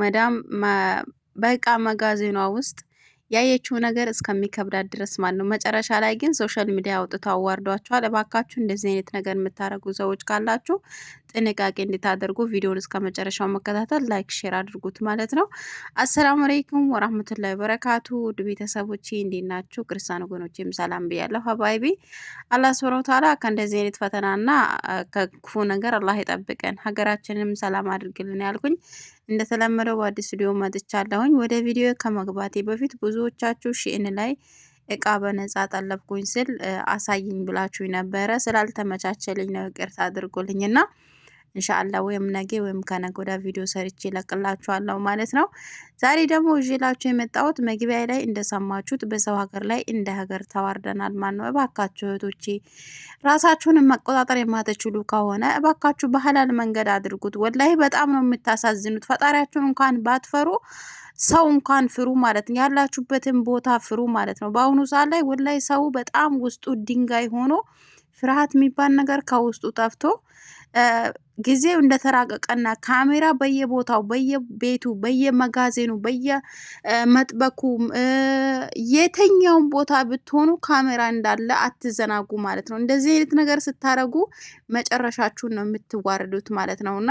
መዳም በቃ መጋዘኗ ውስጥ ያየችው ነገር እስከሚከብዳት ድረስ ማለት ነው። መጨረሻ ላይ ግን ሶሻል ሚዲያ አውጥቶ አዋርዷቸዋል። እባካችሁ እንደዚህ አይነት ነገር የምታደርጉ ሰዎች ካላችሁ ጥንቃቄ እንድታደርጉ ቪዲዮን እስከ መጨረሻው መከታተል፣ ላይክ፣ ሼር አድርጉት ማለት ነው። አሰላሙ አለይኩም ወራህመቱላሂ ወበረካቱ ውድ ቤተሰቦቼ እንዴት ናችሁ? ክርስቲያን ወገኖቼም ሰላም ብያለሁ። ሀባይቢ አላህ ሱብሃነሁ ወተዓላ ከእንደዚህ አይነት ፈተናና ከክፉ ነገር አላህ ይጠብቀን፣ ሀገራችንንም ሰላም አድርግልን ያልኩኝ እንደተለመደው በአዲስ ስቱዲዮ መጥቻለሁኝ። ወደ ቪዲዮ ከመግባቴ በፊት ብዙዎቻችሁ ሺእን ላይ እቃ በነጻ ጠለብኩኝ ስል አሳይኝ ብላችሁ ነበረ። ስላልተመቻቸልኝ ነው ይቅርታ አድርጎልኝና እንሻአላ ወይም ነገ ወይም ከነጎዳ ቪዲዮ ሰርቼ ይለቅላችኋለሁ ማለት ነው። ዛሬ ደግሞ እዥላችሁ የመጣሁት መግቢያ ላይ እንደሰማችሁት በሰው ሀገር ላይ እንደ ሀገር ተዋርደናል። ማን ነው እባካችሁ እህቶቼ፣ ራሳችሁን መቆጣጠር የማትችሉ ከሆነ እባካችሁ ባህላል መንገድ አድርጉት። ወላሂ በጣም ነው የምታሳዝኑት። ፈጣሪያችሁን እንኳን ባትፈሩ ሰው እንኳን ፍሩ ማለት ነው። ያላችሁበትን ቦታ ፍሩ ማለት ነው። በአሁኑ ሰዓት ላይ ወላይ ሰው በጣም ውስጡ ድንጋይ ሆኖ ፍርሃት የሚባል ነገር ከውስጡ ጠፍቶ ጊዜው እንደተራቀቀና ካሜራ በየቦታው በየቤቱ በየመጋዘኑ በየመጥበኩ የተኛውን ቦታ ብትሆኑ ካሜራ እንዳለ አትዘናጉ ማለት ነው። እንደዚህ አይነት ነገር ስታደርጉ መጨረሻችሁን ነው የምትዋረዱት ማለት ነው እና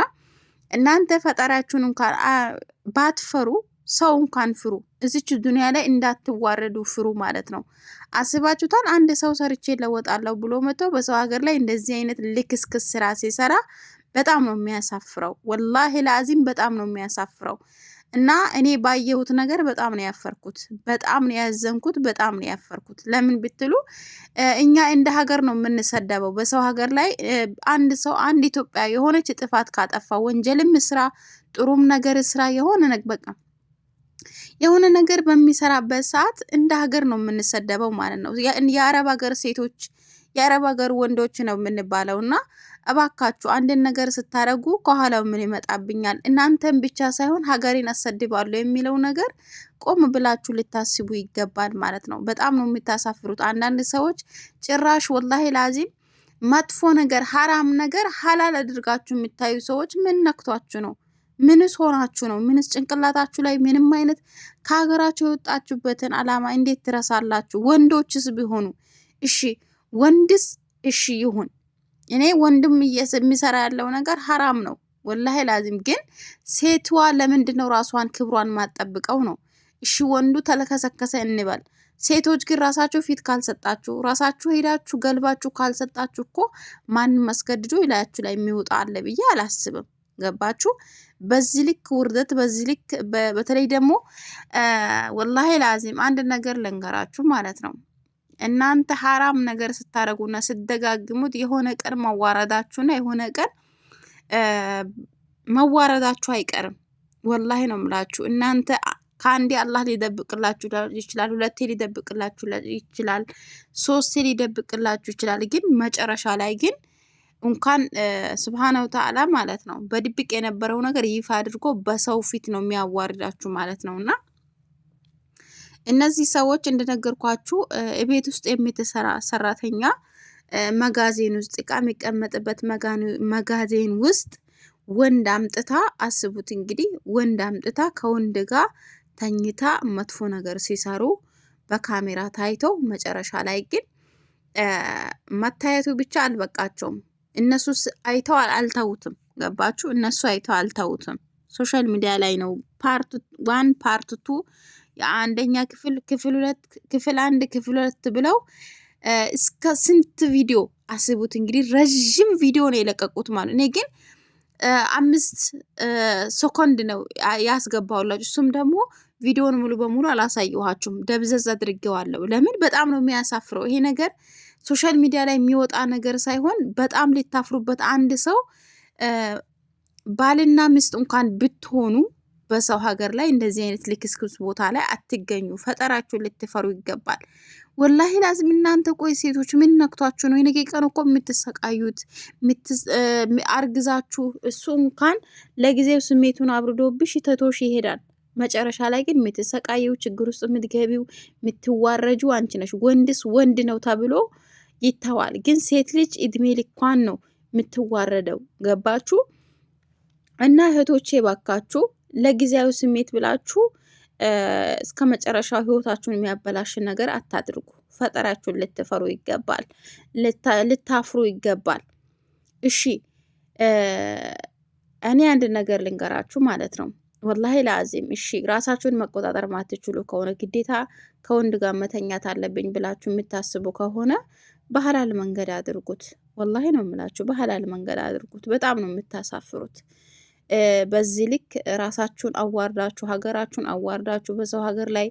እናንተ ፈጣሪያችሁን እንኳን ባትፈሩ ሰው እንኳን ፍሩ። እዚች ዱንያ ላይ እንዳትዋረዱ ፍሩ ማለት ነው። አስባችሁታል? አንድ ሰው ሰርቼ ለወጣለሁ ብሎ መጥቶ በሰው ሀገር ላይ እንደዚህ አይነት ልክስክስ ስራ ሲሰራ በጣም ነው የሚያሳፍረው። ወላሂ ለአዚም በጣም ነው የሚያሳፍረው። እና እኔ ባየሁት ነገር በጣም ነው ያፈርኩት፣ በጣም ነው ያዘንኩት፣ በጣም ነው ያፈርኩት። ለምን ብትሉ እኛ እንደ ሀገር ነው የምንሰደበው። በሰው ሀገር ላይ አንድ ሰው አንድ ኢትዮጵያ የሆነች ጥፋት ካጠፋ ወንጀልም ስራ ጥሩም ነገር ስራ የሆነ በቃ የሆነ ነገር በሚሰራበት ሰዓት እንደ ሀገር ነው የምንሰደበው ማለት ነው። የአረብ ሀገር ሴቶች የአረብ ሀገር ወንዶች ነው የምንባለው። እና እባካችሁ አንድን ነገር ስታደርጉ ከኋላው ምን ይመጣብኛል፣ እናንተን ብቻ ሳይሆን ሀገሬን አሰድባለሁ የሚለው ነገር ቆም ብላችሁ ልታስቡ ይገባል ማለት ነው። በጣም ነው የምታሳፍሩት አንዳንድ ሰዎች ጭራሽ ወላሂ ላዚም መጥፎ ነገር ሀራም ነገር ሀላል አድርጋችሁ የሚታዩ ሰዎች ምን ነክቷችሁ ነው? ምንስ ሆናችሁ ነው? ምንስ ጭንቅላታችሁ ላይ ምንም አይነት ከሀገራችሁ የወጣችሁበትን አላማ እንዴት ትረሳላችሁ? ወንዶችስ ቢሆኑ እሺ፣ ወንድስ እሺ ይሁን። እኔ ወንድም የሚሰራ ያለው ነገር ሀራም ነው ወላሂ ላዚም። ግን ሴትዋ ለምንድን ነው ራሷን ክብሯን ማጠብቀው ነው? እሺ ወንዱ ተለከሰከሰ እንበል። ሴቶች ግን ራሳችሁ ፊት ካልሰጣችሁ፣ ራሳችሁ ሄዳችሁ ገልባችሁ ካልሰጣችሁ እኮ ማንም አስገድዶ ይላያችሁ ላይ የሚወጣ አለ ብዬ አላስብም። ገባችሁ? በዚህ ልክ ውርደት፣ በዚህ ልክ በተለይ ደግሞ ወላሂ ላዚም አንድ ነገር ልንገራችሁ ማለት ነው እናንተ ሀራም ነገር ስታደርጉና ስደጋግሙት የሆነ ቀን መዋረዳችሁና የሆነ ቀን መዋረዳችሁ አይቀርም። ወላሂ ነው ምላችሁ እናንተ ከአንዴ አላህ ሊደብቅላችሁ ይችላል፣ ሁለቴ ሊደብቅላችሁ ይችላል፣ ሶስቴ ሊደብቅላችሁ ይችላል። ግን መጨረሻ ላይ ግን እንኳን ስብሃነ ወተዓላ ማለት ነው በድብቅ የነበረው ነገር ይፋ አድርጎ በሰው ፊት ነው የሚያዋርዳችሁ ማለት ነው እና እነዚህ ሰዎች እንደነገርኳችሁ ቤት ውስጥ የምትሰራ ሰራተኛ መጋዜን ውስጥ እቃ የሚቀመጥበት መጋዜን ውስጥ ወንድ አምጥታ አስቡት እንግዲህ ወንድ አምጥታ ከወንድ ጋር ተኝታ መጥፎ ነገር ሲሰሩ በካሜራ ታይተው መጨረሻ ላይ ግን መታየቱ ብቻ አልበቃቸውም። እነሱ አይተው አልተውትም። ገባችሁ? እነሱ አይተው አልተውትም። ሶሻል ሚዲያ ላይ ነው። ፓርት ዋን ፓርት ቱ የአንደኛ ክፍል ክፍል ሁለት ክፍል አንድ ክፍል ሁለት ብለው እስከ ስንት ቪዲዮ አስቡት እንግዲህ ረዥም ቪዲዮ ነው የለቀቁት ማለት እኔ ግን አምስት ሰኮንድ ነው ያስገባውላችሁ። እሱም ደግሞ ቪዲዮን ሙሉ በሙሉ አላሳየኋችሁም፣ ደብዘዝ አድርጌዋለሁ። ለምን በጣም ነው የሚያሳፍረው ይሄ ነገር። ሶሻል ሚዲያ ላይ የሚወጣ ነገር ሳይሆን በጣም ሊታፍሩበት አንድ ሰው ባልና ሚስት እንኳን ብትሆኑ በሰው ሀገር ላይ እንደዚህ አይነት ልክስክስ ቦታ ላይ አትገኙ። ፈጠራችሁን ልትፈሩ ይገባል። ወላሂ ላዝም እናንተ ቆይ ሴቶች ምን ነክቷችሁ ነው? የነገ ቀን እኮ የምትሰቃዩት አርግዛችሁ። እሱ እንኳን ለጊዜው ስሜቱን አብርዶብሽ ተቶሽ ይሄዳል። መጨረሻ ላይ ግን የምትሰቃየው ችግር ውስጥ የምትገቢው የምትዋረጁ አንቺ ነሽ። ወንድስ ወንድ ነው ተብሎ ይተዋል። ግን ሴት ልጅ እድሜ ልኳን ነው የምትዋረደው። ገባችሁ? እና እህቶቼ ባካችሁ ለጊዜያዊ ስሜት ብላችሁ እስከ መጨረሻው ህይወታችሁን የሚያበላሽን ነገር አታድርጉ። ፈጠራችሁን ልትፈሩ ይገባል። ልታፍሩ ይገባል። እሺ እኔ አንድ ነገር ልንገራችሁ ማለት ነው። ወላሂ ለአዚም እሺ ራሳችሁን መቆጣጠር ማትችሉ ከሆነ ግዴታ ከወንድ ጋር መተኛት አለብኝ ብላችሁ የምታስቡ ከሆነ ባህላል መንገድ አድርጉት። ወላሂ ነው የምላችሁ፣ ባህላል መንገድ አድርጉት። በጣም ነው የምታሳፍሩት። በዚህ ልክ ራሳችሁን አዋርዳችሁ ሀገራችሁን አዋርዳችሁ በዛው ሀገር ላይ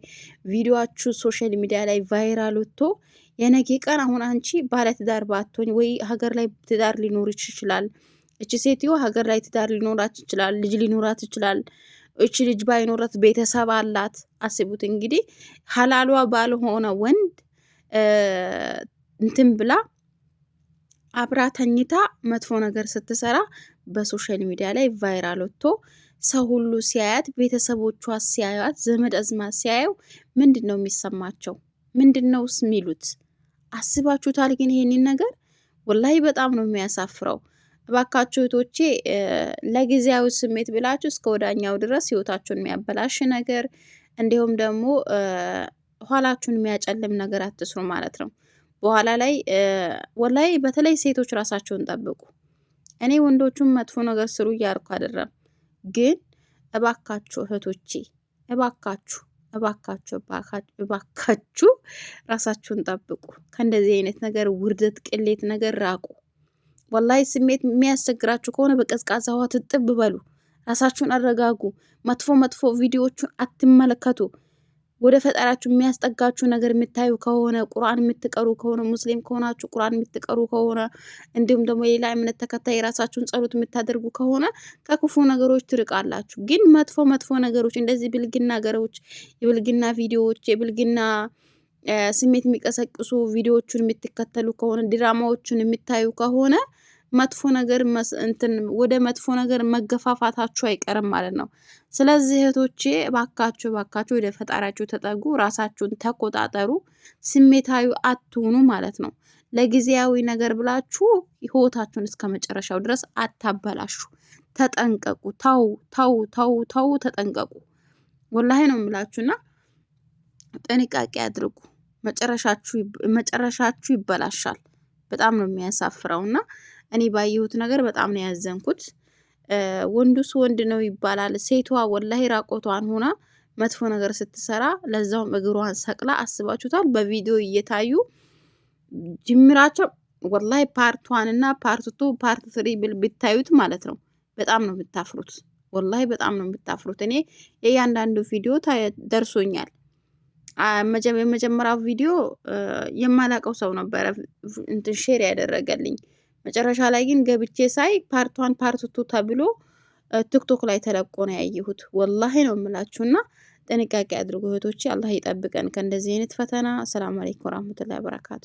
ቪዲዮችሁ ሶሻል ሚዲያ ላይ ቫይራል ወጥቶ የነገ ቀን አሁን አንቺ ባለትዳር ትዳር ባትሆኝ ወይ ሀገር ላይ ትዳር ሊኖር ይችላል። እቺ ሴትዮ ሀገር ላይ ትዳር ሊኖራት ይችላል፣ ልጅ ሊኖራት ይችላል። እቺ ልጅ ባይኖራት ቤተሰብ አላት። አስቡት እንግዲህ ሀላሏ ባልሆነ ወንድ እንትን ብላ አብራ ተኝታ መጥፎ ነገር ስትሰራ በሶሻል ሚዲያ ላይ ቫይራል ወጥቶ ሰው ሁሉ ሲያያት፣ ቤተሰቦቿ ሲያዩት፣ ዘመድ አዝማ ሲያየው ምንድን ነው የሚሰማቸው? ምንድን ነው የሚሉት? አስባችሁታል? ግን ይሄንን ነገር ወላሂ በጣም ነው የሚያሳፍረው። እባካችሁ እህቶቼ ለጊዜያዊ ስሜት ብላችሁ እስከ ወዳኛው ድረስ ህይወታችሁን የሚያበላሽ ነገር እንዲሁም ደግሞ ኋላችሁን የሚያጨልም ነገር አትስሩ ማለት ነው። በኋላ ላይ ወላይ በተለይ ሴቶች ራሳቸውን ጠብቁ። እኔ ወንዶቹን መጥፎ ነገር ስሩ እያልኩ አይደለም፣ ግን እባካችሁ እህቶቼ፣ እባካችሁ እባካችሁ እባካችሁ ራሳችሁን ጠብቁ። ከእንደዚህ አይነት ነገር ውርደት፣ ቅሌት ነገር ራቁ። ወላይ ስሜት የሚያስቸግራችሁ ከሆነ በቀዝቃዛ ውሃ ትጥብ በሉ። ራሳችሁን አረጋጉ። መጥፎ መጥፎ ቪዲዮዎቹን አትመለከቱ። ወደ ፈጣሪያችሁ የሚያስጠጋችሁ ነገር የምታዩ ከሆነ ቁርአን የምትቀሩ ከሆነ ሙስሊም ከሆናችሁ ቁርአን የምትቀሩ ከሆነ እንዲሁም ደግሞ የሌላ እምነት ተከታይ የራሳችሁን ጸሎት የምታደርጉ ከሆነ ከክፉ ነገሮች ትርቃላችሁ። ግን መጥፎ መጥፎ ነገሮች እንደዚህ ብልግና ነገሮች፣ የብልግና ቪዲዮዎች፣ የብልግና ስሜት የሚቀሰቅሱ ቪዲዮዎቹን የምትከተሉ ከሆነ ድራማዎቹን የምታዩ ከሆነ መጥፎ ነገር እንትን ወደ መጥፎ ነገር መገፋፋታችሁ አይቀርም ማለት ነው። ስለዚህ እህቶቼ ባካችሁ ባካችሁ ወደ ፈጣሪያችሁ ተጠጉ፣ ራሳችሁን ተቆጣጠሩ፣ ስሜታዊ አትሆኑ ማለት ነው። ለጊዜያዊ ነገር ብላችሁ ህይወታችሁን እስከ መጨረሻው ድረስ አታበላሹ። ተጠንቀቁ። ተው ተው ተው ተው፣ ተጠንቀቁ። ወላሂ ነው የምላችሁና ጥንቃቄ አድርጉ። መጨረሻችሁ ይበላሻል። በጣም ነው የሚያሳፍረው እና እኔ ባየሁት ነገር በጣም ነው ያዘንኩት። ወንዱስ ወንድ ነው ይባላል። ሴቷ ወላሂ ራቆቷን ሆና መጥፎ ነገር ስትሰራ ለዛውም እግሯን ሰቅላ አስባችሁታል። በቪዲዮ እየታዩ ጅምራቸው ወላሂ ፓርት ዋን እና ፓርት ቱ ፓርት ትሪ ብል ብታዩት ማለት ነው በጣም ነው የምታፍሩት። ወላሂ በጣም ነው የምታፍሩት። እኔ የእያንዳንዱ ቪዲዮ ደርሶኛል። የመጀመሪያው ቪዲዮ የማላቀው ሰው ነበረ እንትን ሼር ያደረገልኝ መጨረሻ ላይ ግን ገብቼ ሳይ ፓርት ፓርት ፓርትቱ ተብሎ ቲክቶክ ላይ ተለቆ ነው ያየሁት። ወላሂ ነው የምላችሁና ጥንቃቄ አድርጉ እህቶቼ። አላህ ይጠብቀን ከእንደዚህ አይነት ፈተና። አሰላሙ አለይኩም ወራህመቱላሂ ወበረካቱ።